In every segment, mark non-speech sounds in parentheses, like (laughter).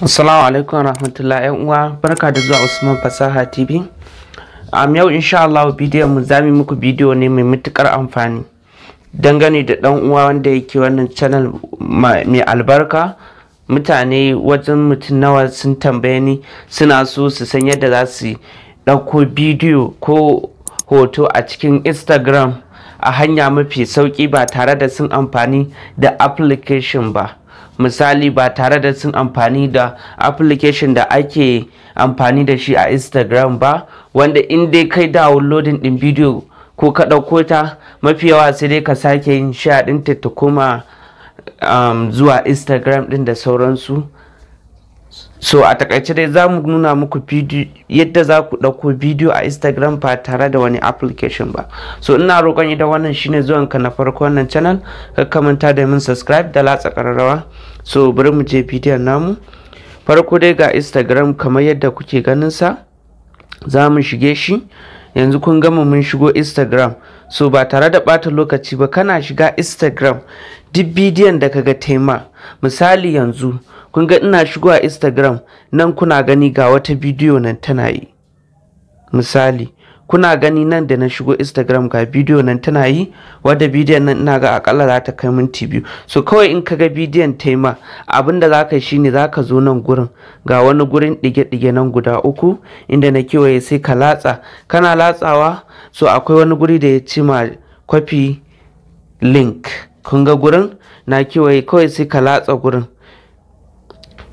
Assalamu alaikum wa rahmatullahi ‘yan uwa barka da zuwa Usman Fasaha TV. Um, yau insha Allah bidiyon mu zami muku bidiyo ne mai matukar amfani dangane da ɗan uwa wanda yake wannan channel mai albarka mutane wajen mutum nawa sun tambaye ni suna so su san yadda za su ɗauko bidiyo ko hoto a cikin Instagram a hanya mafi sauki ba tare da sun amfani da application ba. misali ba tare da sun amfani da application da ake amfani da shi a instagram ba wanda in dai kai downloading din bidiyo ko ka ɗauko ta mafi yawa sai dai ka sake yin sha ɗinta ta kuma um, zuwa instagram ɗin da sauransu so a takaice dai za mu nuna muku yadda za ku ɗauko bidiyo a instagram ba tare da wani application ba so ina roƙon idan wannan shine zuwan ka na farko wannan channel ka kamanta da min subscribe da latsa ƙararrawa so bari mu je bidiyon namu farko dai ga instagram kamar yadda kuke ganin sa za mu shige shi yanzu kun gama mun shigo instagram so ba tare da ɓata lokaci ba kana shiga instagram duk bidiyon da kaga tema misali yanzu kun ga ina a instagram nan kuna gani ga wata bidiyo nan tana yi misali kuna gani nan da na shigo instagram ga bidiyo nan tana yi wadda bidiyon nan ina ga akalla za ta kai minti biyu so kawai in ka ga bidiyon ma abin da za ka yi shine za ka zo nan gurin ga wani gurin ɗige-ɗige nan guda uku inda na kewaye sai ka latsa kana latsawa so akwai wani guri da ya ci ma kwafi link kun ga gurin na kewaye kawai sai ka latsa gurin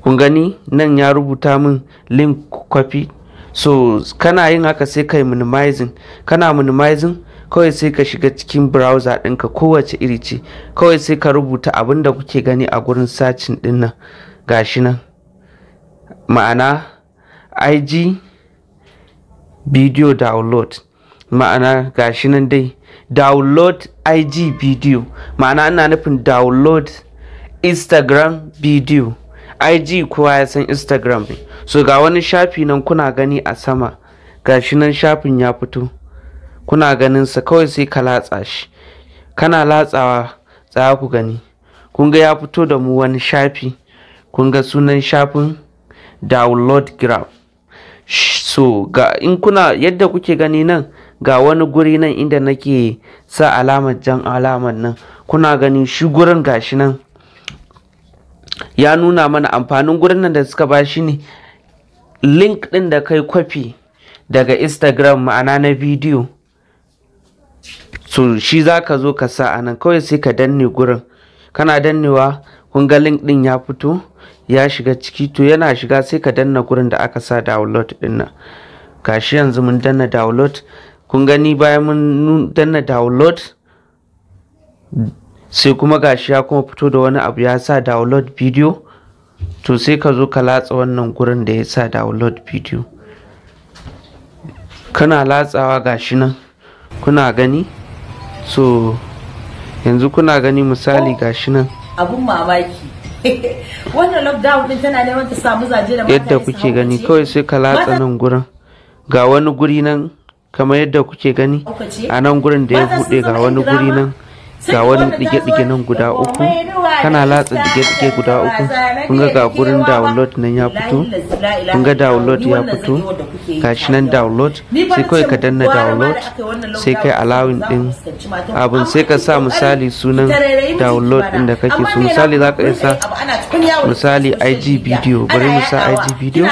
kun gani nan ya rubuta min link copy so kana yin haka sai kai minimizing kana minimizing kawai sai ka shiga cikin browser ɗinka kowace iri ce kawai sai ka rubuta abin da kuke gani a gurin sacin ɗin nan gashi nan ma'ana ig video download ma'ana gashi nan dai download ig video ma'ana ana nufin download instagram video IG kowa ya san Instagram So ga wani shafi nan kuna gani a sama Ga shi nan shafin ya fito kuna ganin sa kawai sai ka latsa shi kana latsawa za ku gani kun ga ya fito da mu wani shafi kun ga sunan shafin download gram so ga in kuna yadda kuke gani nan ga wani guri nan inda nake sa alamar jan alamar nan kuna gani shi gurin gashi nan ya nuna mana amfanin gurin nan da suka ba shi ne link ɗin da kai kwafi daga instagram ma'ana na bidiyo so shi za ka zo ka sa a nan kawai sai ka danne gurin kana dannewa kun ga link ɗin ya fito ya shiga ciki to yana shiga sai ka danna gurin da aka sa download ɗin nan gashi yanzu mun danna download kun gani bayan mun danna download sai kuma gashi ya kuma fito da wani abu ya sa download video to sai ka zo ka latsa wannan gurin da ya sa download video kana latsawa gashi nan kuna gani so yanzu kuna gani misali oh, gashi nan abun mamaki (laughs) wannan lockdown din tana neman ta samu zaje da yadda kuke gani kawai sai ka latsa nan gurin ga wani guri nan kamar yadda kuke gani a nan gurin da ya buɗe ga wani guri nan ga wani ɗige-ɗige nan guda uku kana latsa ɗige-ɗige guda uku kun ga ga gurin download nan ya fito kun ga download ya fito ga shi nan download sai kawai ka danna download sai kai allowing din abun sai ka sa misali sunan download din da kake so misali za ka iya sa misali IG video bari mu sa IG video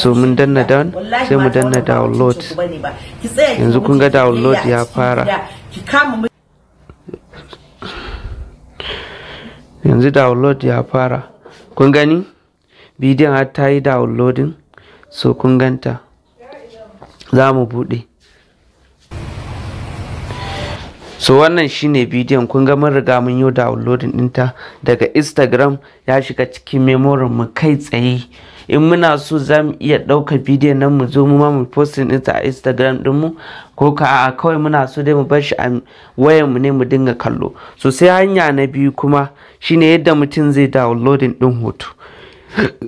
so mun danna down sai mu danna download yanzu kun ga download ya fara yanzu download ya fara kun gani bidiyon har ta yi downloading so kun ganta za mu buɗe so wannan shine bidiyon kun ga mun riga mun yi downloading ɗinta daga instagram ya shiga cikin memorin mu kai tsaye in muna so za mu iya ɗaukar bidiyon nan mu zo mu ma mu posting ɗinta a instagram ɗinmu ko ka a kawai muna so dai mu bar shi a wayan mu ne mu dinga kallo so sai hanya na biyu kuma shine yadda mutum zai downloading ɗin hoto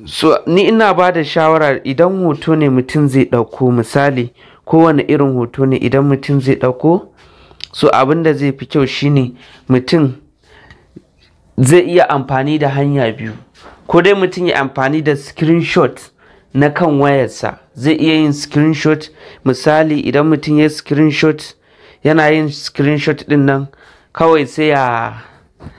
so ni ina ba da shawara idan hoto ne mutum zai ɗauko misali kowane irin hoto ne idan mutum zai ɗauko so abin da zai fi kyau shine mutum zai iya amfani da hanya biyu ko dai mutum ya amfani da screenshot na kan wayarsa zai iya yin screenshot misali idan mutum ya screenshot yana yin screenshot din nan kawai sai ya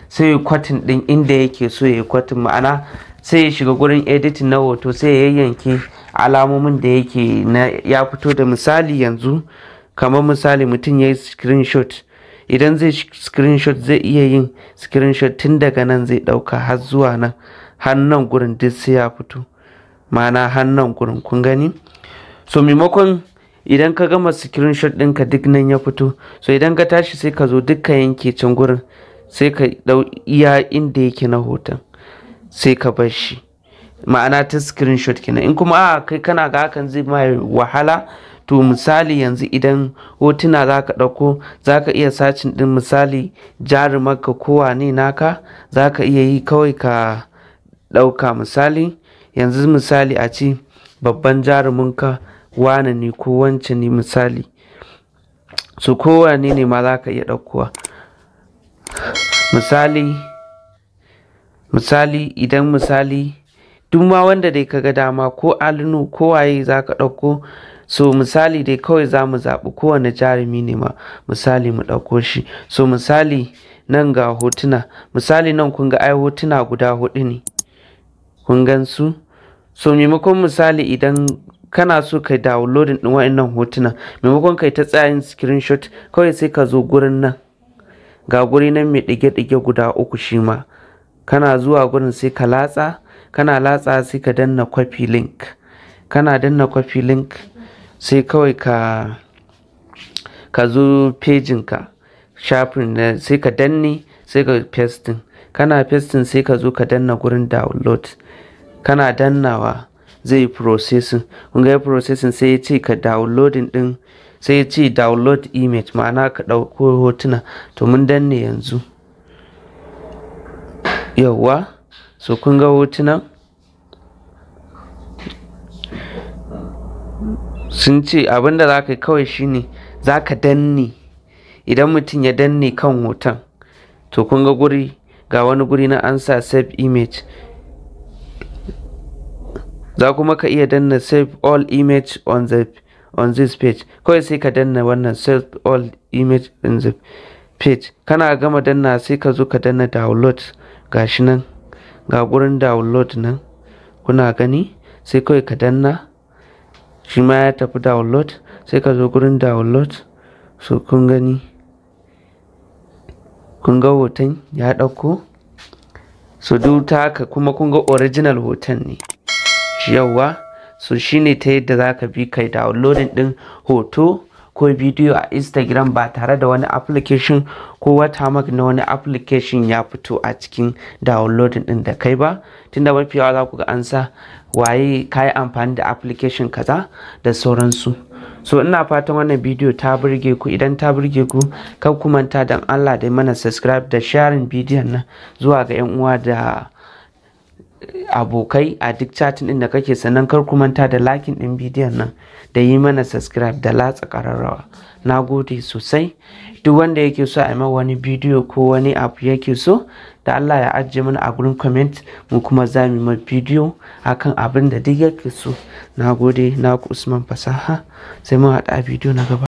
sai ya kwatin din inda yake so ya yi kwatin ma'ana sai ya shiga gurin editing na hoto sai ya yanke alamomin da yake ya fito da misali yanzu kamar misali mutum ya yi screenshot idan zai screenshot zai iya yin screenshot tun daga nan zai ɗauka har zuwa nan hannun gurin duk sai ya fito ma'ana hannun gurin kun gani so maimakon idan ka gama screenshot ɗinka duk nan ya fito so idan ka tashi sai ka zo duka yanke can gurin sai ka ɗau iya inda yake na hoton sai ka bar shi ma'ana ta screenshot kenan in kuma a kai kana ga hakan zai ma wahala to misali yanzu idan hotuna za ka ɗauko za ka iya sacin ɗin misali jarumarka kowa ne naka za ka iya yi kawai ka ɗauka misali yanzu misali a ci babban jaruminka wane ne ko wance ne misali su kowa ne ma za ka iya ɗaukowa misali misali idan misali duk wanda dai kaga dama ko alinu ko waye za ka ɗauko so misali dai kawai za mu zaɓi kowane jarumi ne ma misali mu ɗauko shi so misali nan ga hotuna misali nan kun ga ai hotuna guda hudu ne kun gan su so maimakon misali idan kana so ka yi downloading din wa'annan hotuna maimakon kai ta tsayin screenshot kawai sai ka zo gurin nan ga guri nan mai ɗige-ɗige guda uku shi ma kana zuwa gurin sai ka latsa kana latsa sai ka danna copy link kana danna copy link sai kawai ka ka zo pejinka shafin na sai ka danne sai ka pasting kana festin sai ka zo ka danna gurin download kana dannawa zai yi processing kun ga processing sai ya ce ka downloading din sai ya ce download image ma'ana ka ɗauko hotuna to mun danne yanzu yawa so kun ga hotunan sun ce abin da za ka yi kawai shi ne za ka danne idan mutum ya danne kan hoton to kun ga guri ga wani guri na an sa save image za kuma ka iya danna save all image on the on this page kawai sai ka danna wannan save all image in the page kana gama danna sai ka zo ka danna download gashi nan ga gurin download nan kuna gani sai kawai ka danna shi ma ya tafi download sai ka zo gurin download so kun gani kun ga hoton ya ɗauko so duk ta kuma kun ga original hoton ne yauwa so shine ta yadda za ka bi kai downloading ɗin hoto ko bidiyo a instagram ba tare da wani application ko wata mag na wani application ya fito a cikin downloading din da kai ba tunda mafi yawa za ku ga an sa waye ka yi amfani da application kaza da sauransu so ina fatan wannan bidiyo ta burge ku idan ta burge ku kan ku manta don allah da mana subscribe da sharing bidiyon nan zuwa ga 'yan uwa da abokai a duk chatin din da kake sannan kar ku manta da lakin din bidiyon nan da yi mana subscribe da latsa kararrawa na gode sosai duk wanda yake so a mai wani bidiyo ko wani abu yake so da Allah ya ajiye mana a gurin comment mu kuma za mu mai bidiyo akan abin da duk yake so na gode na ku Usman fasaha sai mun haɗa bidiyo na gaba